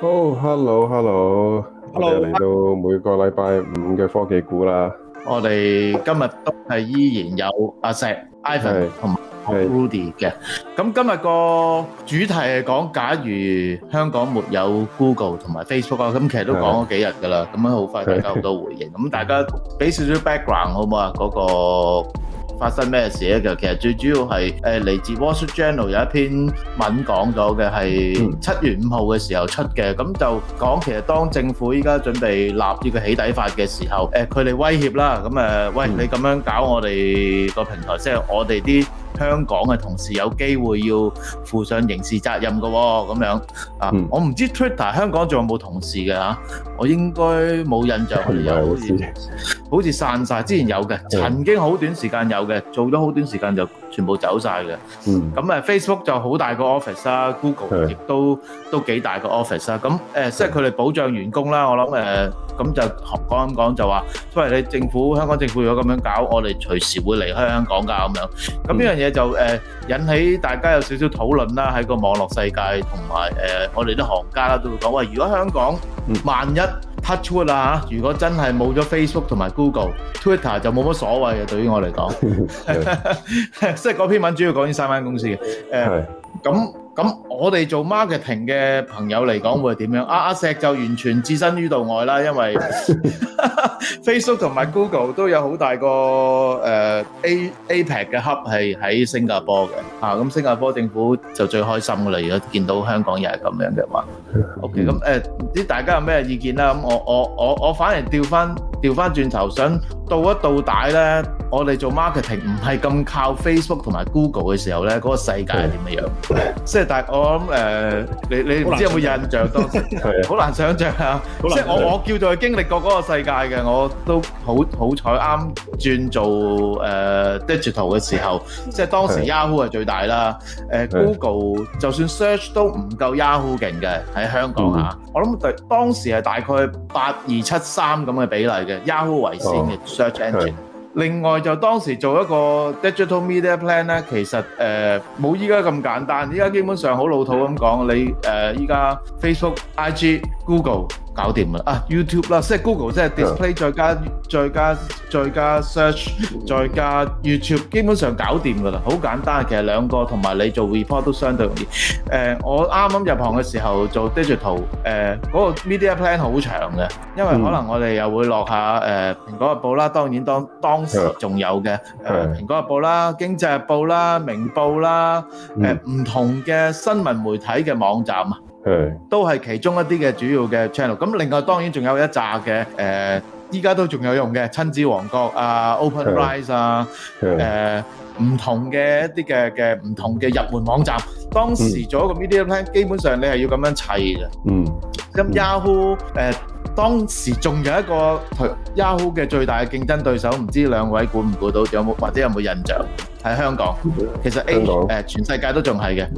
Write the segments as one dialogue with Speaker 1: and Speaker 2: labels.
Speaker 1: 好，hello hello，我哋嚟到每個
Speaker 2: 禮拜五嘅科技股科技估啦。我哋今日都係依然有阿 Sam、Ivan 同埋 Rudy 嘅。咁今日個主題係講，假如香港沒有 Google 同埋 Facebook，咁其實都講咗幾日噶啦。咁樣好快，大家好多回應。咁大家俾少少 background 好唔好啊？嗰個。發生咩事咧？其實最主要係誒嚟自《Wall Street Journal》有一篇文講咗嘅係七月五號嘅時候出嘅，咁、嗯、就講其實當政府依家準備立呢個起底法嘅時候，誒佢哋威脅啦，咁誒、呃、喂、嗯、你咁樣搞我哋個平台，即係我哋啲。香港嘅同事有機會要負上刑事責任嘅咁、哦、樣啊！嗯、我唔知 Twitter 香港仲有冇同事嘅嚇、啊，我應該冇印象佢哋有，係咪好似好似散晒，之前有嘅，嗯、曾經好短時間有嘅，做咗好短時間就。全部走晒嘅，咁誒 Facebook 就好大個 office 啦，Google 亦都都幾大個 office 啦。咁誒，即係佢哋保障員工啦。我諗誒，咁就講咁講就話，因為你政府香港政府如果咁樣搞，我哋隨時會離開香港噶咁樣。咁呢樣嘢就誒引起大家有少少討論啦。喺個網絡世界同埋誒，我哋啲行家啦都會講話，如果香港萬一，TouchWood 啦，如果真係冇咗 Facebook 同埋 Google，Twitter 就冇乜所謂嘅。對於我嚟講，即係嗰篇文主要講呢三間公司嘅。誒，uh，咁是。咁我哋做 marketing 嘅朋友嚟講，會點樣？阿阿石就完全置身於度外啦，因為 Facebook 同埋 Google 都有好大個誒 A APAC 嘅 Hub 係喺新加坡嘅。啊，咁新加坡政府就最開心啦！如果見到香港又係咁樣嘅話，OK。咁誒唔知大家有咩意見啦？咁我我我我反而掉返掉返轉頭，想度一度大啦。我哋做 marketing 唔係咁靠 Facebook 同埋 Google 嘅時候咧，嗰個世界係點樣？即係但係我諗誒，你你唔知有冇印象當時？係啊，好難想象啊！即係我我叫做經歷過嗰個世界嘅，我都好好彩啱轉做誒 digital 嘅時候，即係當時 Yahoo 係最大啦。誒 Google 就算 search 都唔夠 Yahoo 勁嘅喺香港吓。我諗當時係大概八二七三咁嘅比例嘅 Yahoo 為先嘅 search engine。另外就當時做一個 digital media plan 呢，其實誒冇依家咁簡單，依家基本上好老土咁講，你誒依家 Facebook IG。Google 搞掂啦，啊 YouTube 啦，即係 Google 即係 display 再加再加再加 search 再加 YouTube，基本上搞掂噶啦，好簡單。其實兩個同埋你做 report 都相對容易。誒，我啱啱入行嘅時候做 digital，誒嗰個 media plan 好長嘅，因為可能我哋又會落下誒蘋果日報啦，當然當當時仲有嘅誒蘋果日報啦、經濟日報啦、明報啦，誒唔同嘅新聞媒體嘅網站啊。Hey. 都係其中一啲嘅主要嘅 channel，咁另外當然仲有一紮嘅誒，依、呃、家都仲有用嘅親子王國啊、OpenRice 啊、誒唔 Hey. Hey.、呃、同嘅一啲嘅嘅唔同嘅入門網站。當時做一個 media plan，基本上你係要咁樣砌嘅。嗯，咁 Yahoo 誒、嗯。呃當時仲有一個 Yahoo 嘅最大嘅競爭對手，唔知兩位估唔估到，有冇或者有冇印象？喺香港，其實誒全世界都仲係嘅。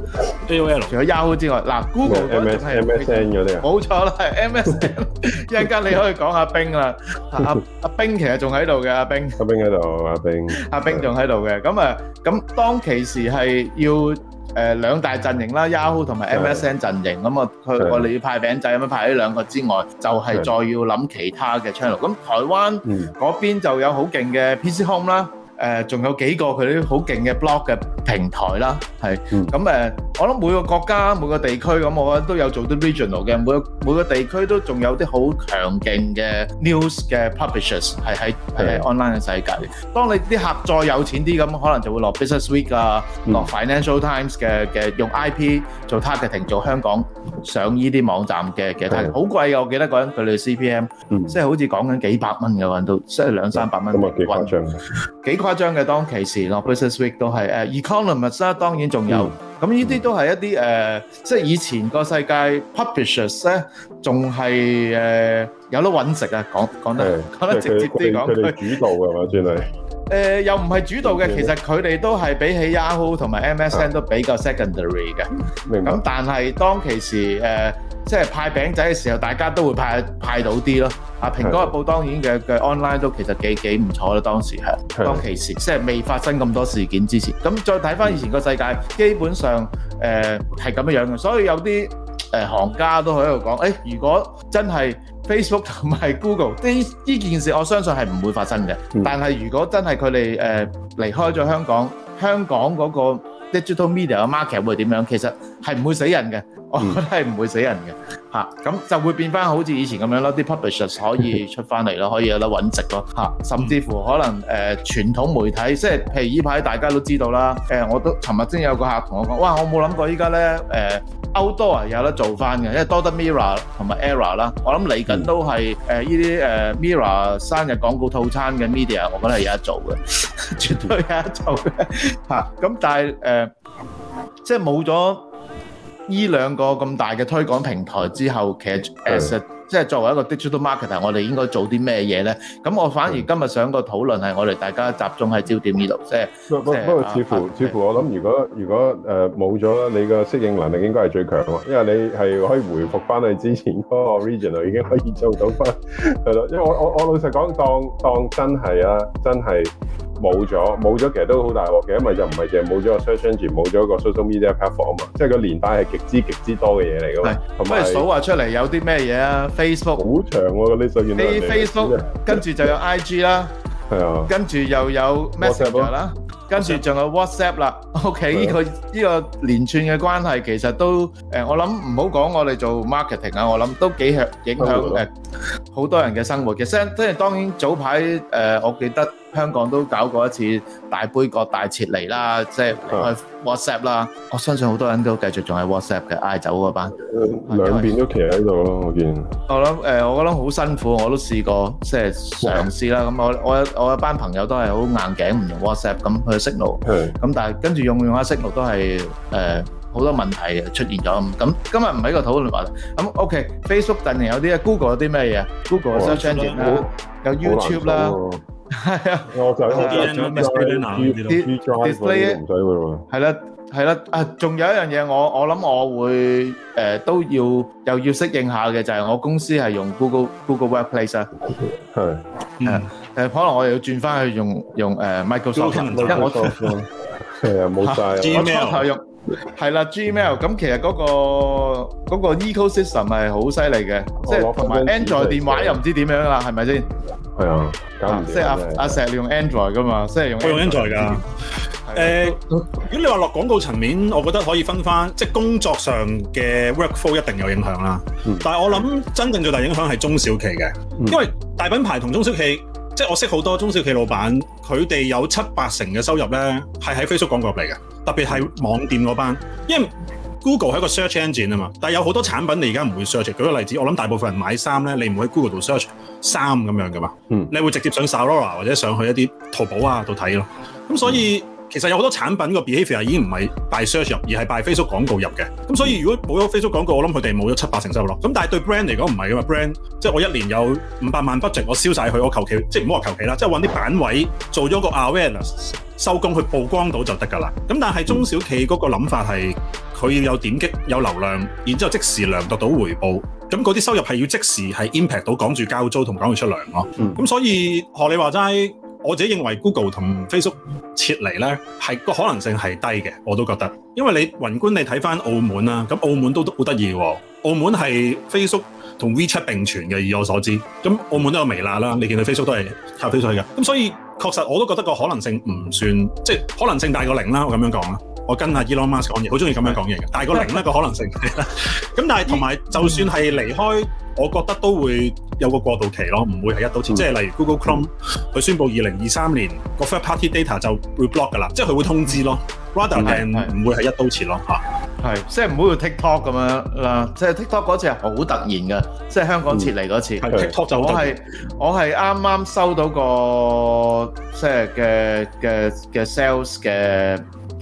Speaker 2: AOL 除咗 Yahoo 之外，嗱 Google 係 MSN 嗰啲啊，冇錯啦，係 MSN。一陣間你可以講下冰啦，阿阿冰其實仲喺度嘅，阿冰。阿冰喺度，阿冰。阿冰仲喺度嘅，咁啊，咁當其時係要。誒兩大陣營啦，Yahoo 同埋 MSN 陣營咁啊，佢我哋要派餅仔咁樣派呢兩個之外，就係再要諗其他嘅 channel。咁台灣嗰邊就有好勁嘅 PC Home 啦。誒，仲有幾個佢啲好勁嘅 blog 嘅平台啦，係咁誒。我諗每個國家每個地區咁，我覺得都有做啲 regional 嘅。每個每個地區都仲有啲好強勁嘅 news 嘅 publishers 係喺係喺 online 嘅世界。當你啲客再有錢啲咁，可能就會落 Business Week 啊，落 Financial Times 嘅嘅用 IP 做 targeting 做香港上呢啲網站嘅嘅。但係好貴嘅，我記得嗰陣佢哋 CPM，即係好似講緊幾百蚊嘅運到，即係兩三百蚊。咁啊，幾誇張嘅，幾誇。誇張嘅當其時咯，Business Week 都係誒、uh, Economist、啊、當然仲有咁呢啲都係一啲誒，uh, 即係以前個世界 publishers 咧、啊，仲係誒有得搵食啊，講講得講的得直接啲講。佢佢
Speaker 1: 主導係嘛，先係？
Speaker 2: 誒又唔係主導嘅，其實佢哋都係比起 Yahoo 同埋 MSN 都比較 secondary 嘅。明白。咁但係當其時誒，即係派餅仔嘅時候，大家都會派派到啲咯。啊，蘋果日報當然嘅嘅 online 都其實幾幾唔錯喇。當時係當其時，即係未發生咁多事件之前。咁再睇返以前個世界，基本上誒係咁樣樣嘅，所以有啲。誒、呃、行家都喺度講，誒、欸、如果真係 Facebook 同埋 Google 呢件事，我相信係唔會發生嘅。但係如果真係佢哋誒離開咗香港，香港嗰個 digital media 嘅 market 會點樣？其實。係唔會死人嘅，我覺得係唔會死人嘅嚇，咁、嗯啊、就會變翻好似以前咁樣咯，啲 publishers 可以出翻嚟咯，可以有得揾食咯嚇，甚至乎可能誒、呃、傳統媒體，即係譬如依排大家都知道啦，誒、呃、我都尋日先有個客同我講，哇，我冇諗過依家咧誒 Outdoor 係有得做翻嘅，因為多得 Mirror 同埋 Error 啦，我諗嚟緊都係誒依啲誒 Mirror 生日廣告套餐嘅 media，我覺得係有得做嘅，絕對有得做嘅嚇，咁、啊、但係誒、呃、即係冇咗。呢兩個咁大嘅推廣平台之後，其實誒實的即係作為一個 digital marketer，我哋應該做啲咩嘢咧？咁、嗯、我反而今日想個討論係我哋大家集中喺焦點呢度，即係。不不過，似乎
Speaker 1: 似乎我諗，如果如果誒冇咗你個適應能力，應該係最強喎，因為你係可以回復翻你之前嗰個 region，已經可以做到翻係咯。因為我我我老實講，當當真係啊，真係。冇咗，冇咗，其實都好大鑊嘅，因為就唔係淨係冇咗個 search engine，冇咗個 social media platform 啊嘛，即係個年代係極之極之多嘅嘢嚟嘅。係是，咁你數吓
Speaker 2: 出嚟有啲咩嘢啊？Facebook 好長喎，呢首嘢。Facebook, Facebook 跟住就有 IG 啦，係啊的，跟住又有 Messenger 啦。跟住仲有 WhatsApp 啦，OK，依個依個連串嘅關係其實都誒，我諗唔好講我哋做 marketing，啊，我諗都幾響影響誒好多人嘅生活。其實雖然當然早排誒，我記得香港都搞過一次大杯葛大撤離啦，即係去 WhatsApp 啦，我相信好多人都繼續仲係 WhatsApp 嘅，嗌走嗰班。
Speaker 1: 兩邊都企喺度咯，我見。
Speaker 2: 我諗誒，我覺得好辛苦，我都試過即係嘗試啦。咁我我我一班朋友都係好硬頸唔用 WhatsApp 咁去。息路，咁但係跟住用用下息路都係誒好多問題出現咗。咁今日唔係呢個討論話。咁 OK，Facebook 近年有啲啊，Google 有啲咩嘢？Google 有 search engine 啦，有 YouTube 啦，係啊。我就係見咗咩嘢？Display 在嗰度，係啦。係啦，啊，仲有一樣嘢，我我諗我會誒都要又要適應下嘅，就係我公司係用 Google Google Workspace。係誒誒，可能我又要轉返去用用誒 Microsoft，因為我其實冇晒。係啦，Gmail，咁其實嗰個嗰個 ecosystem 係好犀利嘅，即係同埋 Android 電話又唔知點樣啦，係咪先？係啊，即係阿阿石
Speaker 3: 你用 Android 噶嘛？即係用我用 Android 噶。誒，咁你話落廣告層面，我覺得可以分翻，即係工作上嘅 workflow 一定有影響啦。但係我諗真正最大影響係中小企嘅，因為大品牌同中小企。即係我識好多中小企老闆，佢哋有七八成嘅收入呢係喺 Facebook 廣告入嚟嘅。特別係網店嗰班，因為 Google 係一個 search engine 啊嘛。但係有好多產品你而家唔會 search。舉個例子，我諗大部分人買衫呢，你唔會喺 Google 度 search 衫咁樣噶嘛。嗯，你會直接上 Zalora 或者上去一啲淘寶啊度睇咯。咁所以。嗯其實有好多產品個 behavior 已經唔係拜 search 入，而係拜 Facebook 廣告入嘅。咁所以如果冇咗 Facebook 廣告，我諗佢哋冇咗七八成收入咯。咁但係對 brand 嚟講唔係㗎嘛，brand 即係我一年有五百萬 budget，我燒晒佢，我求其即係唔好話求其啦，即係揾啲版位做咗個 awareness 收工，去曝光到就得㗎啦。咁但係中小企嗰個諗法係佢要有點擊有流量，然之後即時量度到回報。咁嗰啲收入係要即時係 impact 到趕住交租同趕住出糧咯。咁、嗯、所以學你話齋？我自己認為 Google 同 Facebook 撤離呢，係個可能性係低嘅，我都覺得。因為你宏觀你睇返澳門啦，咁澳門都好得意喎。澳門係 Facebook 同 WeChat 並存嘅，以我所知。咁澳門都有微辣啦，你見到 Facebook 都係靠 Facebook 出去嘅。咁所以確實我都覺得個可能性唔算，即可能性大過零啦。我咁樣講。我跟 Elon Musk 講嘢，好中意咁樣講嘢嘅，但係個零咧個可能性係啦。咁但係同埋，就算係離開，我覺得都會有個過渡期咯，唔會係一刀切。即係例如 Google Chrome，佢宣布二零二三年個 Third Party Data 就會 block 噶啦，即係佢會通知咯。Radar 係唔會係一刀切咯。係，即係唔會去 TikTok 咁樣
Speaker 2: 啦。即係 TikTok 嗰次係好突然嘅，即係香港撤離嗰次。TikTok 就我係我係啱啱收到個即係嘅嘅嘅 Sales 嘅。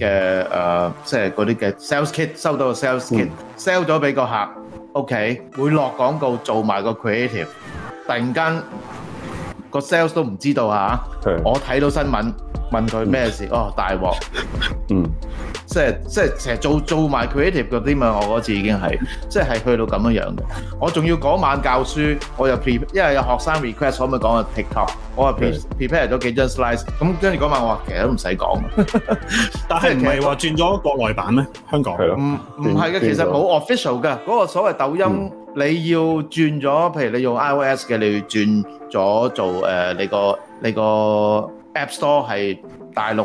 Speaker 2: 嘅誒、呃，即係嗰啲嘅 sales kit 收到個 sales kit sell 咗俾個客，OK 會落廣告做埋個 creative，突然間個 sales 都唔知道啊！的我睇到新聞問佢咩事，哦，大鑊，嗯。哦 即係即係成日做做埋 creative 嗰啲嘛，我嗰次已經係即係係去到咁樣樣嘅。我仲要嗰晚教書，我又 pre，因為有學生 request，我咪講個 TikTok，我話 pre prepare 咗幾張 slide。咁跟住嗰晚我話其實都唔使講。但係唔係話轉咗國內版咩？香港係咯，唔唔係嘅，其實冇 official 嘅。嗰個所謂抖音，你要轉咗，譬如你用 iOS 嘅，你要轉咗做誒你個你個 App Store 係大陸。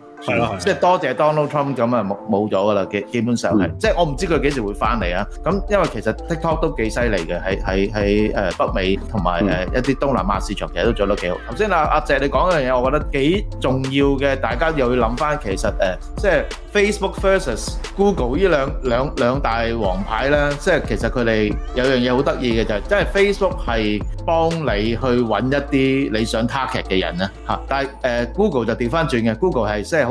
Speaker 2: 係咯，即係多謝 Donald Trump 咁啊，冇冇咗㗎啦，基基本上係，即係我唔知佢幾時會翻嚟啊。咁因為其實 TikTok 都幾犀利嘅，喺喺喺誒北美同埋誒一啲東南亞市場其實都做得幾好。頭先啊阿姐你講嗰樣嘢，我覺得幾重要嘅，大家又要諗翻其實誒，即係 Facebook versus Google 呢兩兩兩大王牌咧，即係其實佢哋有樣嘢好得意嘅就係，即係 Facebook 係幫你去揾一啲你想 target 嘅人啦嚇，但係誒 Google 就調翻轉嘅，Google 係即係。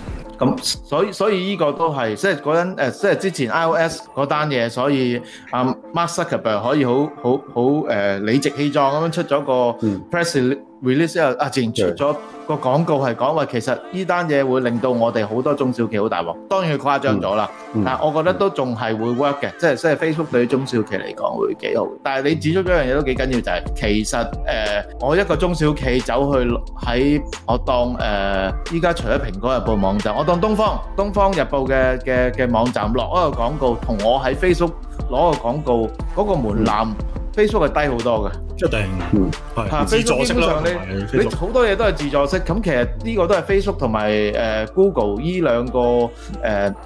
Speaker 2: 咁、嗯、所以所以依個都係即係嗰陣誒，即係之前 iOS 嗰單嘢，所以阿、那個呃嗯、Mark Zuckerberg 可以好好好誒理直氣壯咁樣出咗個 press release 之後、嗯，阿前、啊、出咗。個廣告係講話，其實呢單嘢會令到我哋好多中小企好大鑊，當然佢誇張咗啦。但係我覺得都仲係會 work 嘅，即係即係 Facebook 對中小企嚟講會幾好。但係你指出咗一樣嘢都幾緊要，就係其實誒，我一個中小企走去喺我當誒依家除咗蘋果日報網站，我當東方東方日報嘅嘅嘅網站落一個廣告，同我喺 Facebook 攞個廣告嗰個門檻。Facebook 係低好多嘅，一定嗯，係自助式咯。基本上你好及多嘢都係自助式，咁、嗯、其實呢個都係 Facebook 同埋 Google 依兩個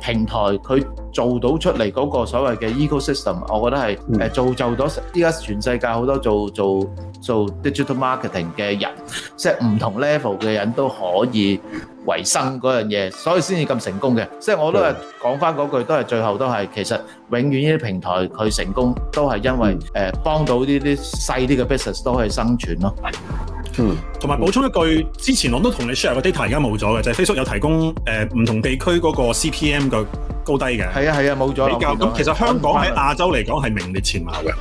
Speaker 2: 平台、嗯做到出嚟嗰個所謂嘅 ecosystem，我覺得係誒造就咗依家全世界好多做做做 digital marketing 嘅人，即係唔同 level 嘅人都可以維生嗰樣嘢，所以先至咁成功嘅。即係我都係講翻嗰句，都係最後都係其實永遠呢啲平台佢成功都係因為誒幫到呢啲
Speaker 3: 細啲嘅 business 都可以生存咯。嗯，同埋補充一句，嗯、之前我都同你 share 個 data，而家冇咗嘅，就係、係、Facebook 有提供誒唔、呃、同地區嗰個 CPM 嘅高低嘅。係啊，係啊，冇咗、啊、比較。咁其實香港喺、啊、亞洲嚟講係名列前茅嘅。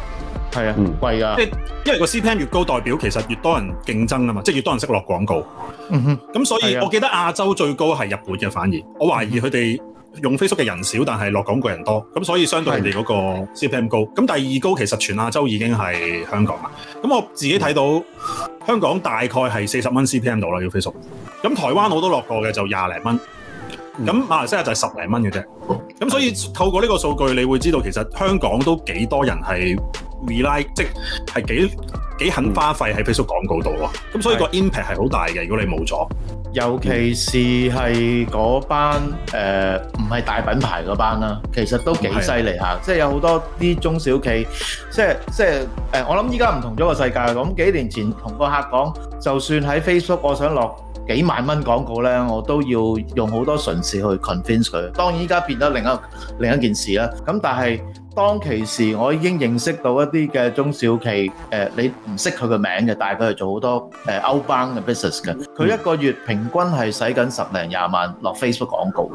Speaker 3: 係啊、嗯，唔貴啊。即係因為個 CPM 越高，代表其實越多人競爭啊嘛，即係越多人識落廣告。咁、嗯、哼所以、啊，我記得亞洲最高係日本嘅，反而我懷疑佢哋、嗯。嗯用 Facebook 嘅人少，但係落廣告人多，咁所以相對人哋嗰個 CPM 高。咁的第二高其實全亞洲已經係香港啦。咁我自己睇到香港大概係四十蚊 CPM 到啦，要 Facebook。咁台灣我都落過嘅，就廿零蚊。咁馬來西亞就係十零蚊嘅啫。咁所以透過呢個數據，你會知道其實香港都幾多人係 rely 即係幾幾肯花費喺 Facebook 廣告度喎。咁所以個 impact 係好大嘅。如果你冇咗。尤其是係嗰班誒唔係大品牌嗰班啦，
Speaker 2: 其實都幾犀利嚇，的即係有好多啲中小企，即係即係誒、呃，我諗依家唔同咗個世界。咁幾年前同個客講，就算喺 Facebook，我想落幾萬蚊廣告咧，我都要用好多唇舌去 convince 佢。當然依家變得另一另一件事啦。咁但係。當其時，我已經認識到一啲嘅中小企，誒，你唔識佢嘅名嘅，但係佢係做好多誒歐邦嘅 business 嘅。佢一個月平均係使緊十零廿萬落 Facebook 廣告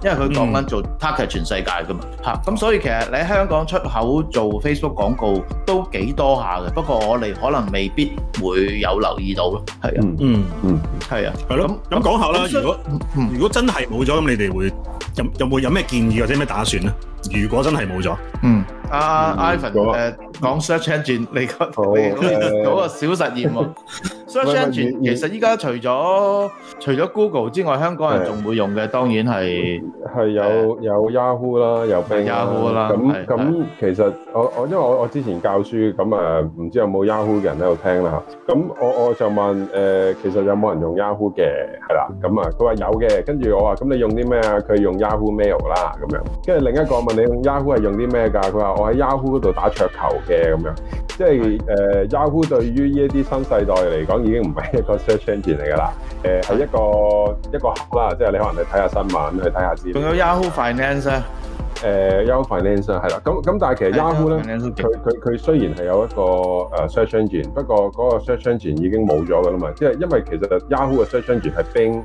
Speaker 2: 嘅，因為佢講緊做 target 全世界噶嘛，嚇。咁所以其實你喺香港出口做 Facebook 廣告都幾多下嘅，不
Speaker 3: 過我哋可能未必會有留意到咯，係啊，嗯嗯，係啊，係咯。咁咁講下啦，如果如果真係冇咗，咁你哋會有有冇有咩建議或者咩打算咧？如果真係冇咗，嗯，阿 Ivan 誒講 search engine，你可
Speaker 2: 以做個小實驗喎。search engine 其實依家除咗除咗 Google 之外，香港人仲會用嘅當然係係有有 Yahoo 啦，
Speaker 1: 有 Bing Yahoo 啦。咁咁其實我我因為我我之前教書咁啊，唔知有冇 Yahoo 嘅人喺度聽啦嚇。咁我我就問誒，其實有冇人用 Yahoo 嘅係啦？咁啊，佢話有嘅。跟住我話咁你用啲咩啊？佢用 Yahoo Mail 啦咁樣。跟住另一個問你用 Yahoo 係用啲咩㗎？佢話我喺 Yahoo 嗰度打桌球嘅咁樣。即係誒 Yahoo 對於呢一啲新世代嚟講。已經唔係一個 search engine 嚟㗎啦，誒係一個一個啦，即係你可能去睇下新聞去睇下知。仲有 Yahoo Finance 啊，誒 Yahoo Finance 啊，係啦，咁咁但係其實 Yahoo 咧，佢佢佢雖然係有一個誒 search engine，不過嗰個 search engine 已經冇咗㗎啦嘛，即係因為其實 Yahoo 嘅 search engine 係 Bing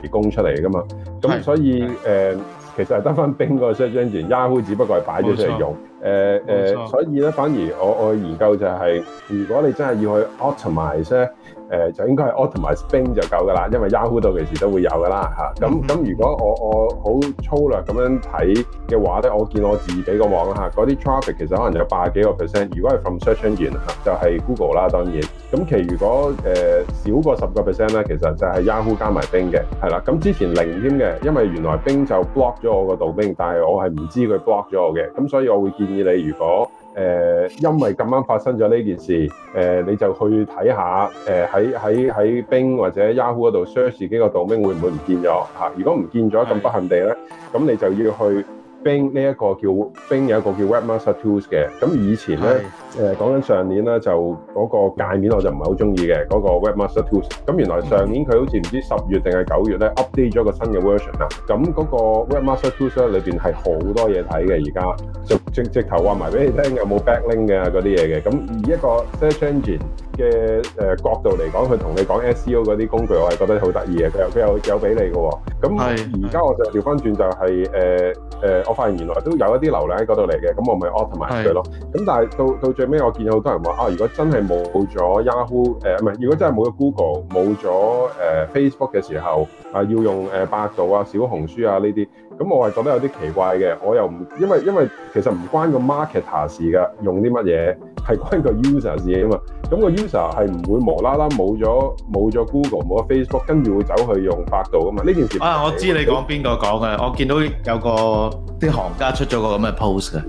Speaker 1: 提供出嚟㗎嘛，咁所以誒其實係得翻 Bing 個 search engine，Yahoo 只不過係擺咗出嚟用，誒誒，所以咧反而我我研究就係如果你真係要去 optimise 咧。誒、呃、就應該係 optimize Bing 就夠㗎啦，因為 Yahoo 到幾時都會有㗎啦嚇。咁、啊、咁如果我我好粗略咁樣睇嘅話咧，我見我自己個網啦嗰啲、啊、traffic 其實可能有百啊幾個 percent。如果係 from search engine、啊、嚇，就係、是、Google 啦，當然。咁其如果誒、呃、少過十個 percent 咧，其實就係 Yahoo 加埋 Bing 嘅，係啦。咁之前零添嘅，因為原來 Bing 就 block 咗我個導兵，但係我係唔知佢 block 咗我嘅，咁所以我會建議你如果。誒、呃，因為咁啱發生咗呢件事，誒、呃，你就去睇下，誒、呃，喺喺喺 Bing 或者 Yahoo 嗰度 search 幾個盜兵會唔會唔見咗？嚇、啊，如果唔見咗，咁不幸地咧，咁的你就要去 Bing 呢的一個叫 Bing 有個叫 Webmaster Tools 嘅，咁以前咧。誒，講緊上年咧，就嗰個界面我就唔係好中意嘅，嗰、嗰個 Webmaster Tools。咁原來上年佢好似唔知十月定係九月咧，update 咗個新嘅 version 啦。咁嗰個 Webmaster Tools 裏邊係好多嘢睇嘅，而家就直直頭話埋俾你聽，有冇 backlink 嘅、啊、嗰啲嘢嘅。咁以一個 search engine 嘅誒、呃、角度嚟講，佢同你講 SEO 嗰啲工具，我係覺得好得意嘅。佢又佢又有俾你嘅、哦。咁而家我就調翻轉，就係誒誒，我發現原來都有一啲流量喺嗰度嚟嘅。咁我咪 automate 佢咯。咁的但係到到。到最尾我見到好多人話啊，如果真係冇咗 Yahoo，誒、呃、唔係，如果真係冇咗 Google，冇咗誒、呃、Facebook 嘅時候啊、呃，要用誒百度啊、小紅書啊呢啲，咁我係覺得有啲奇怪嘅。我又唔因為因為其實唔關個 marketer 事㗎，用啲乜嘢？係關於 user 事嘅嘛，咁個 user 係唔會無啦啦冇咗冇咗 Google 冇咗 Facebook，跟住會走去
Speaker 2: 用百度啊嘛，
Speaker 1: 呢件事啊我知你講
Speaker 2: 邊個講嘅，我見到有個啲行家出咗個咁嘅 post 嘅，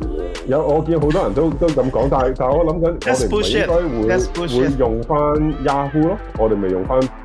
Speaker 1: 有我見好多人都都咁講，但係但係我諗緊我哋應該會會用翻 Yahoo 咯，我哋咪用翻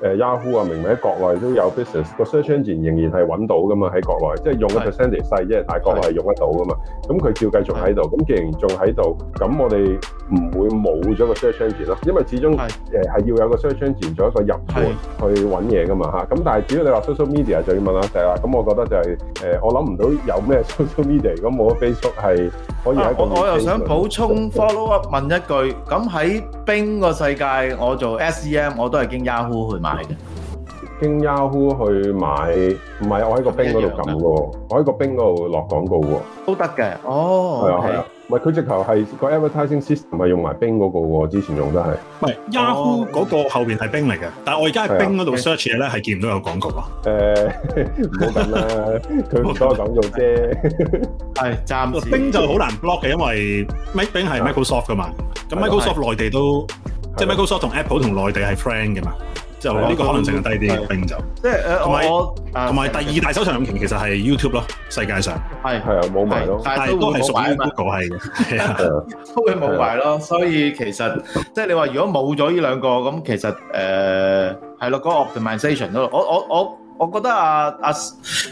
Speaker 1: 誒 Yahoo 啊，明明喺國內都有 business，個 search engine 仍然係揾到噶嘛喺國內，即係用嘅 percentage 細啲，但係國內係用得到噶嘛。咁佢照繼續喺度，咁既然仲喺度，咁我哋唔會冇咗個 search engine 咯，因為始終誒係要有個 search engine 做一個入門去揾嘢噶嘛嚇。咁但係只要你話 social media 就要問啦，就係話咁，我覺得就係誒，我諗唔到有咩 social media，咁冇得 Facebook 係
Speaker 2: 可以喺度。我我又想補充 follow up 問一句，咁喺。冰個世界，我做 SEM 我都係經 Yahoo 去買嘅，
Speaker 1: 經 Yahoo 去買，唔係我喺個冰嗰度撳嘅，我喺個冰嗰度落廣告喎，
Speaker 2: 都得嘅，哦、oh, okay.，
Speaker 1: 係啊，係啊。唔係佢直頭係個 advertising system，唔係用埋冰嗰個喎，之前用都係。
Speaker 3: 唔係 Yahoo 嗰個後邊係冰嚟嘅，但係我而家喺冰嗰度 search 嘢咧，係見唔到有廣告咯。
Speaker 1: 誒，唔好咁啦，佢唔多廣告啫。係
Speaker 3: 暫時。冰就好難 block 嘅，因為 Mac 冰係 Microsoft 噶嘛。咁 Microsoft 內地都，即係 Microsoft 同 Apple 同內地係 friend 嘅嘛。即係我呢個可能性係低啲嘅，並就即係誒，同埋同埋第二大搜尋引擎其實係 YouTube 咯，世界上係係啊冇埋咯，但係都係屬於 Google 係
Speaker 2: 嘅，都會冇埋咯。所以其實即係你話如果冇咗呢兩個咁，其實誒係咯，嗰個 optimisation 咯，我我我。我覺得啊啊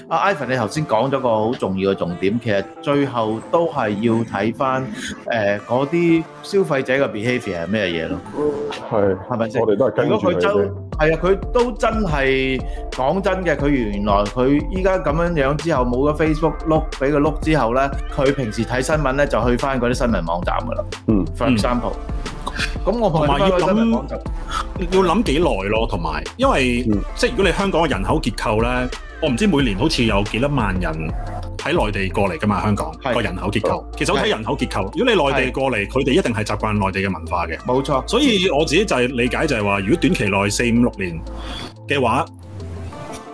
Speaker 2: 啊，Ivan 你頭先講咗個好重要嘅重點，其實最後都係要睇翻誒嗰啲消費者嘅 behaviour 係咩嘢咯。嗯，係，係咪先？我哋都係跟住佢。如果佢真係啊，佢都真係講真嘅，佢原來佢依家咁樣樣之後冇咗 Facebook 碌俾佢碌之後咧，佢平時睇新聞
Speaker 3: 咧就去翻嗰啲新聞網站㗎啦。嗯，for example。嗯咁我同埋要諗，要諗幾耐咯，同埋，因為、嗯、即係如果你香港嘅人口結構咧，我唔知每年好似有幾多萬人喺內地過嚟噶嘛？香港個是人口結構，嗯、其實我睇人口結構，是如果你內地過嚟，佢哋是一定係習慣內地嘅文化嘅。冇錯錯，所以我自己就係理解就係話，如果短期內四五六年嘅話，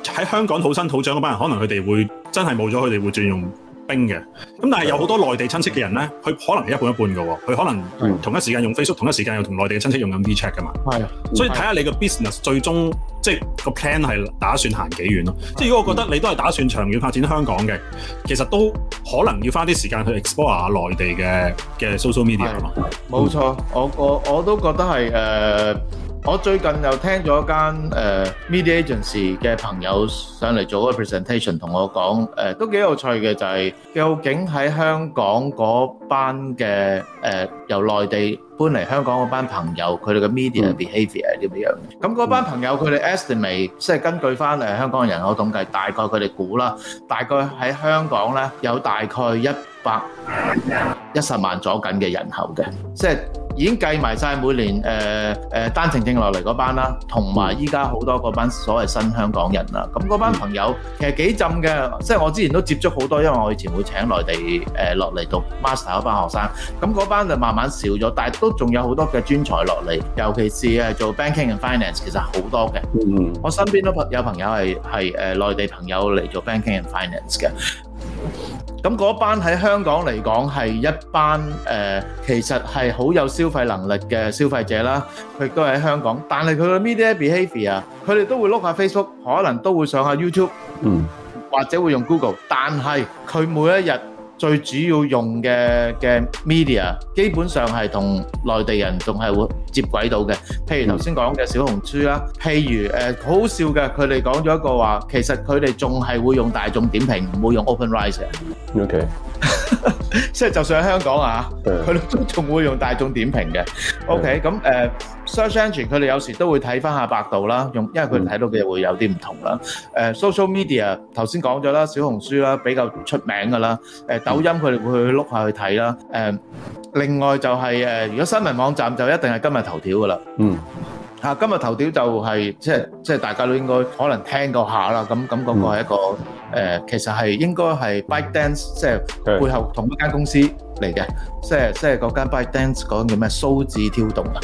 Speaker 3: 喺香港土生土長嗰班人，可能佢哋會真係冇咗佢哋會轉用。冰嘅，咁但係有好多內地親戚嘅人咧，佢可能係一半一半嘅喎，佢可能同一時間用 Facebook，同一時間又同內地嘅親戚用緊 WeChat 噶嘛，係的，所以睇下你個 business 最終即係個 plan 係打算行幾遠咯，即係的如果我覺得你都係打算長遠發展香港嘅，其實都可能要花啲時間去 explore 下內地嘅嘅 social media 咯的，
Speaker 2: 冇的錯，嗯、我我我都覺得係誒。呃我最近又聽咗間、呃、media agency 嘅朋友上嚟做個 presentation，同我講、呃、都幾有趣嘅，就係、係、究竟喺香港嗰班嘅、呃、由內地搬嚟香港嗰班朋友，佢哋嘅 media behavior 係點樣？咁嗰班朋友，佢哋 estimate，即係根據翻嚟香港人口統計，大概佢哋估啦，大概喺香港咧有大概一百一十萬左緊嘅人口嘅，即係已經計埋晒每年誒誒單程證落嚟嗰班啦，同埋依家好多嗰班所謂新香港人啦。咁嗰班朋友其實幾浸嘅，即係我之前都接觸好多，因為我以前會請內地誒落嚟讀 master 嗰班學生。咁嗰班就慢慢少咗，但係都仲有好多嘅專才落嚟，尤其是誒做 banking and finance 其實好多嘅。嗯嗯，我身邊都朋有朋友係係誒內地朋友嚟做 banking and finance 嘅。咁嗰班喺香港嚟講係一班誒、呃，其實係好有消費能力嘅消費者啦，佢都係喺香港，但係佢嘅 media behavior 啊，佢哋都會 look 下 Facebook，可能都會上下 YouTube，嗯，或者會用 Google，但係佢每一日。最主要用嘅嘅 media 基本上係同內地人仲係會接軌到嘅，譬如頭先講嘅小紅書啦，譬如誒好笑嘅，佢哋講咗一個話，其實佢哋仲係會用大眾點評，唔會用 OpenRice 嘅。OK，即係就算喺香港啊，佢都仲會用大眾點評嘅。OK，咁誒。Search engine 佢哋有時都會睇翻下百度啦，用因為佢哋睇到嘅會有啲唔同啦。誒 social media 頭先講咗啦，小紅書啦比較出名㗎啦。誒抖音佢哋會去碌下去睇啦。誒另外就係誒如果新聞網站就一定係今日頭條㗎啦。嗯。啊，今日頭條就係即係即係大家都應該可能聽過下啦。咁咁嗰個係一個，誒，其實係應該係 Byte Dance，即係背後同一間公司嚟嘅，即係即係嗰間 Byte Dance 講，叫咩字節跳動啊，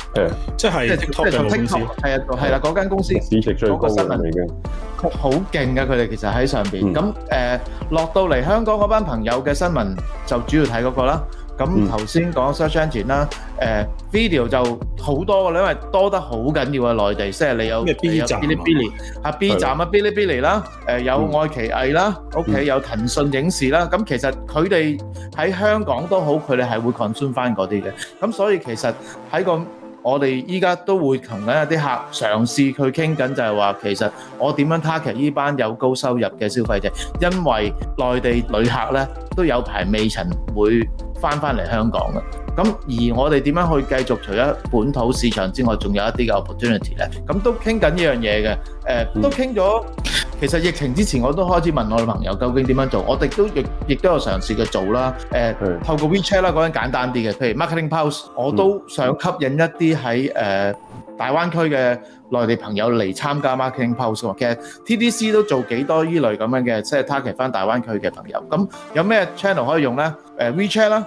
Speaker 2: 即係即係騰訊頭，係啊，係啦，嗰間公司市值最高嘅新聞嚟嘅，好勁㗎佢哋其實喺上邊。咁誒落到嚟香港嗰班朋友嘅新聞就主要睇嗰個啦。咁頭先講 search engine 啦，誒 video 就好多㗎啦，因為多得好緊要啊！內地即係你有有 bilibili，阿 B 站啊，bilibili 啦，誒有愛奇藝啦，OK 有騰訊影視啦，咁其實佢哋喺香港都好，佢哋係會 consume 翻嗰啲嘅。咁所以其實喺個我哋而家都會同一啲客嘗試去傾緊，就係話其實我點樣 target 呢班有高收入嘅消費者，因為內地旅客咧。都有排未曾會翻返嚟香港嘅。咁而我哋點樣去繼續，除咗本土市場之外，仲有一啲嘅 opportunity 咧？咁都傾緊呢樣嘢嘅，誒都傾咗。其實疫情之前我都開始問我嘅朋友，究竟點樣做，我哋都亦亦都有嘗試嘅做啦。誒透過 WeChat 啦，講緊簡單啲嘅，譬如 Marketing Pulse，我都想吸引一啲喺誒大灣區嘅內地朋友嚟參加 Marketing Pulse。其實 TDC 都做幾多呢類咁樣嘅，即係 target 翻大灣區嘅朋友。咁有咩 channel 可以用咧？誒 WeChat 啦。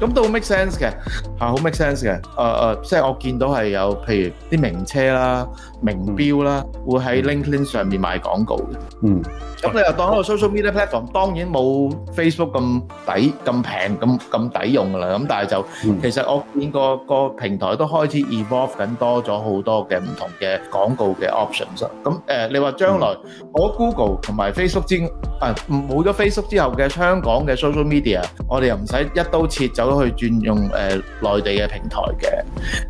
Speaker 2: 咁都 make sense 嘅，吓，好 make sense 嘅，誒誒，即係我見到係有，譬如啲名車啦、名錶啦，會喺 LinkedIn 上面賣廣告嘅。
Speaker 3: 嗯，
Speaker 2: 咁你又當一個 social media platform，當然冇 Facebook 咁抵、咁平、咁咁抵用噶啦。咁但係就其實我見個個平台都開始 evolve 緊，多咗好多嘅唔同嘅廣告嘅 options。咁誒，你話將來我 Google 同埋 Facebook 之啊冇咗 Facebook 之後嘅香港嘅 social media，我哋又唔使一刀切走。都去轉用誒內地嘅平台嘅，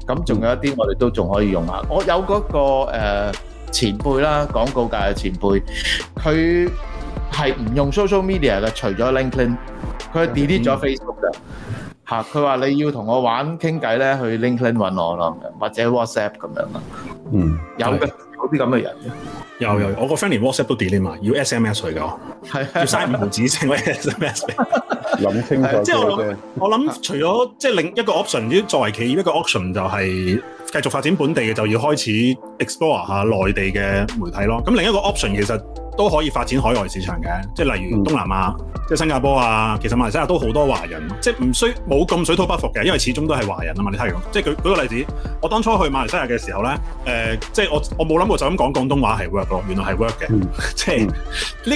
Speaker 2: 咁仲有一啲我哋都仲可以用下。我有嗰個誒前輩啦，廣告界嘅前輩，佢係唔用 social media 嘅，除咗 LinkedIn，佢係 delete 咗 Facebook 嘅。嚇，佢話你要同我玩傾偈咧，去 LinkedIn 揾
Speaker 3: 我咯，或者 WhatsApp 咁樣咯。嗯，有嘅有啲咁嘅人嘅。有有，我個 friend 連 WhatsApp 都 delete 埋，要 SMS 去㗎，要嘥五毫紙先 SMS。
Speaker 1: 諗 清楚即係
Speaker 3: 我諗，我諗除咗即係另一個 option，作為企業一個 option，就係繼續發展本地嘅，就要開始 explore 下內地嘅媒體咯。咁另一個 option 其實～都可以發展海外市場嘅，即係例如東南亞，嗯、即係新加坡啊。其實馬來西亞都好多華人，即係唔需冇咁水土不服嘅，因為始終都係華人啊嘛。你睇下，即係舉舉個例子，我當初去馬來西亞嘅時候咧，誒、呃，即係我我冇諗過就咁講廣東話係 work 咯，原來係 work 嘅，嗯、即係呢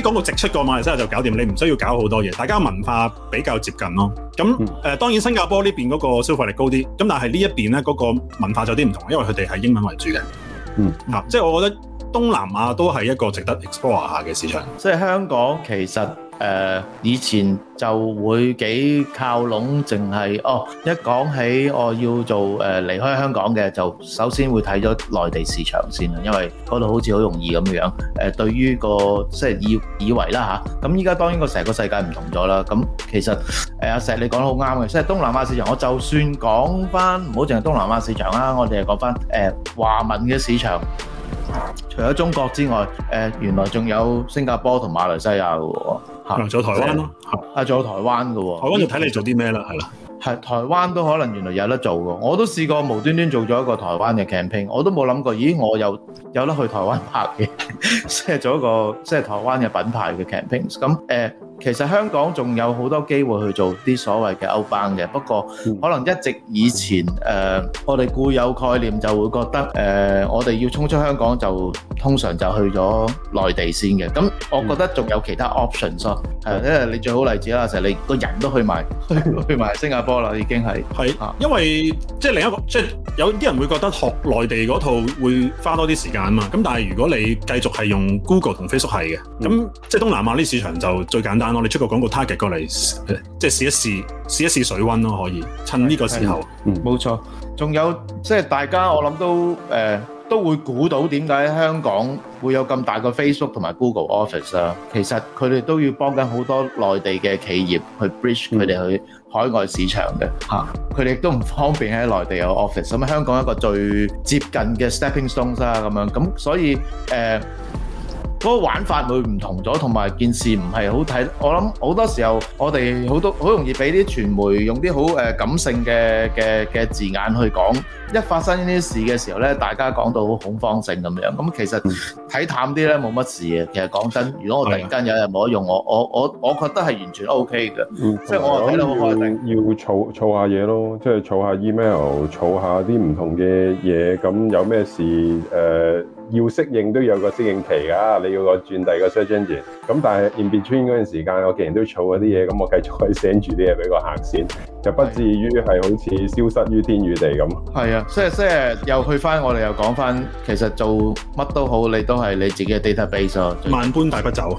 Speaker 3: 廣告直出過馬來西亞就搞掂，你唔需要搞好多嘢，大家文化比較接近咯。咁誒、呃，當然新加坡呢邊嗰個消費力高啲，咁但係呢一邊咧嗰個文化就有啲唔同，因為佢哋係英文為主嘅。嗯，嗯啊，即係我覺得。東南亞都係一個值得 explore 下嘅市場。即係香港其實誒以前就
Speaker 2: 會幾靠攏，淨係哦一講起我要做誒離開香港嘅，就首先會睇咗內地市場先啦，因為嗰度好似好容易咁樣誒。對於個即係以以為啦吓，咁依家當然個成個世界唔同咗啦。咁其實誒阿石你講得好啱嘅，即係東南亞市場。我就算講翻唔好淨係東南亞市場啦，我哋係講翻誒華文嘅市場。除咗中國之外，誒、呃，原來仲有新加坡同馬來西亞嘅，吓，仲有台灣咯，吓是，啊，仲有台灣嘅，台灣就睇你做啲咩啦，係啦，係台灣都可能原來有得做嘅，我都試過無端端做咗一個台灣嘅 campaign，我都冇諗過，咦，我又有，有得去台灣拍嘅，即係 做一個，即係台灣嘅品牌嘅 campaign，咁，誒、呃。其實香港仲有好多機會去做啲所謂嘅 outbound 嘅，不過可能一直以前誒，我哋固有概念就會覺得誒，我哋要衝出香港就通常就去咗內地先嘅。咁我覺得仲有其他 options 咯，係因為你最好例子啦，成日你個
Speaker 3: 人都去埋去去埋新加坡啦，已經係係，因為即係另一個即係有啲人會覺得學內地嗰套會花多啲時間啊嘛。咁但係如果你繼續係用 Google 同 Facebook 係嘅，咁即係東南亞啲市場就最簡單。但我哋出個廣告 target 過嚟，即係試一試，試一試水溫咯，可以趁呢個時候。嗯，冇錯，仲有
Speaker 2: 即係大家，我諗都誒都會估到點解香港會有咁大個 Facebook 同埋 Google Office 啦。其實佢哋都要幫緊好多內地嘅企業去 bridge 佢哋去海外市場嘅嚇。佢哋都唔方便喺內地有 office，咁香港一個最接近嘅 stepping stones 啦。咁樣咁所以誒。嗰個玩法會唔同咗，同埋件事唔係好睇。我諗好多時候我多，我哋好多好容易俾啲傳媒用啲好誒感性嘅嘅嘅字眼去講。一發生呢啲事嘅時候咧，大家講到好恐慌性咁樣。咁其實睇淡啲咧，冇乜事嘅。其實講真，如果我突然間有人冇得用我，我我我覺得係完全 O K 嘅。即係、嗯、我睇到我
Speaker 1: 覺要要儲下嘢咯，即係儲下 email，儲下啲唔同嘅嘢。咁有咩事誒？呃要適應都有個適應期㗎，你要我轉第二個 search engine、嗯。咁但係 in between 嗰陣時間，我既然都儲咗啲嘢，咁、嗯、我繼續去 send 住啲嘢俾個客先，就不至於係好似消失於天與地咁。
Speaker 2: 係啊，即係即係又去翻，我哋又講翻，其實做乜都好，你都係你自己嘅 database
Speaker 3: 咯。萬般帶不走。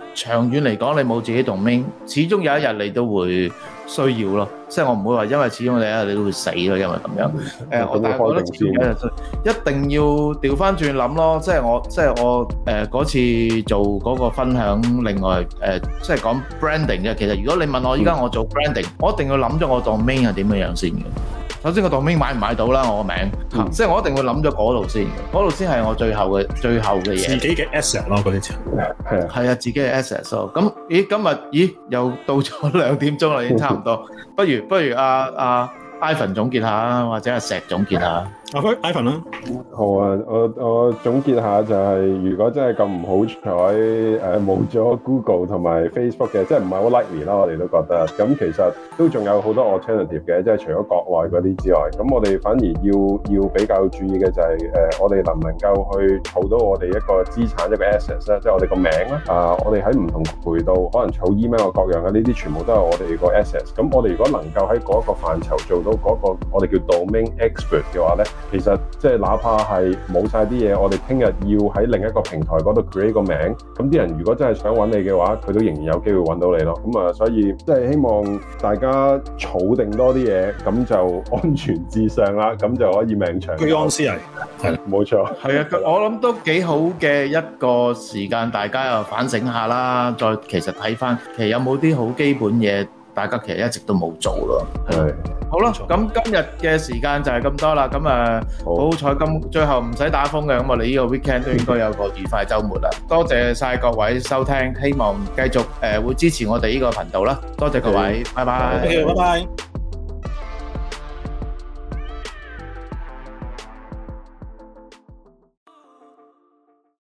Speaker 2: 長遠嚟講，你冇自己同 main，始終有一日你都會需要咯。即係我唔會話，因為始終你一日你都會死咯，因為咁樣。誒、呃， 嗯、我覺得 一定要調翻轉諗咯。即係我，即係我誒嗰、呃、次做嗰個分享，另外誒、呃、即係講 branding 嘅。其實如果你問我依家我做 branding，嗯、我一定要諗咗我當 main 係點嘅樣先嘅。首先我當尾買唔買到啦，我個名字，即係、嗯、我一定會諗咗嗰度先，嗰度先係我最後嘅最後嘅嘢。自己
Speaker 3: 嘅 asset 咯，嗰啲錢
Speaker 2: 係啊，係自己嘅 asset 咯。咁咦，今日咦又到咗兩點鐘啦，已經差唔多 不，不如不如、啊、阿阿、啊、Ivan 總結下或者阿石總結下。
Speaker 1: OK, Ivan 啦。好啊，我我總結下就係，如果真係咁唔好彩，誒，冇咗 Google 同埋 Facebook 嘅，即係唔係好 likely 啦。我哋都覺得，咁其實都仲有好多 alternative 嘅，即係除咗國外嗰啲之外，咁我哋反而要要比較注意嘅就係，呃我哋能唔能夠去儲到我哋一個資產一個 assets 咧，即係我哋個名啦，啊我哋喺唔同渠道可能儲 email 各樣嘅呢啲，全部都係我哋個 assets。咁我哋如果能夠喺嗰一個範疇做到嗰個我哋叫 domain expert 嘅話呢。其實即係哪怕係冇晒啲嘢，我哋聽日要喺另一個平台嗰度 create 個名，咁啲人如果真係想揾你嘅話，佢都仍然有機會揾到你咯。咁啊，所以即係希望大家儲定多啲嘢，咁就安全至上啦，咁就可以命長。居安思危，係冇 是
Speaker 2: 的 錯。係啊的， 我諗都幾好嘅一個時間，大家又反省下啦。再其實睇翻，其實有冇啲好基本嘢？大家其實一直都冇做咯，係。好啦，咁今日嘅時間就係咁多啦。咁啊，好彩咁最後唔使打風嘅，咁我哋呢個 weekend 都應該有個愉快週末啦。多謝晒各位收聽，希望繼續誒會支持我哋呢個頻道啦。多謝各位，拜拜，拜拜。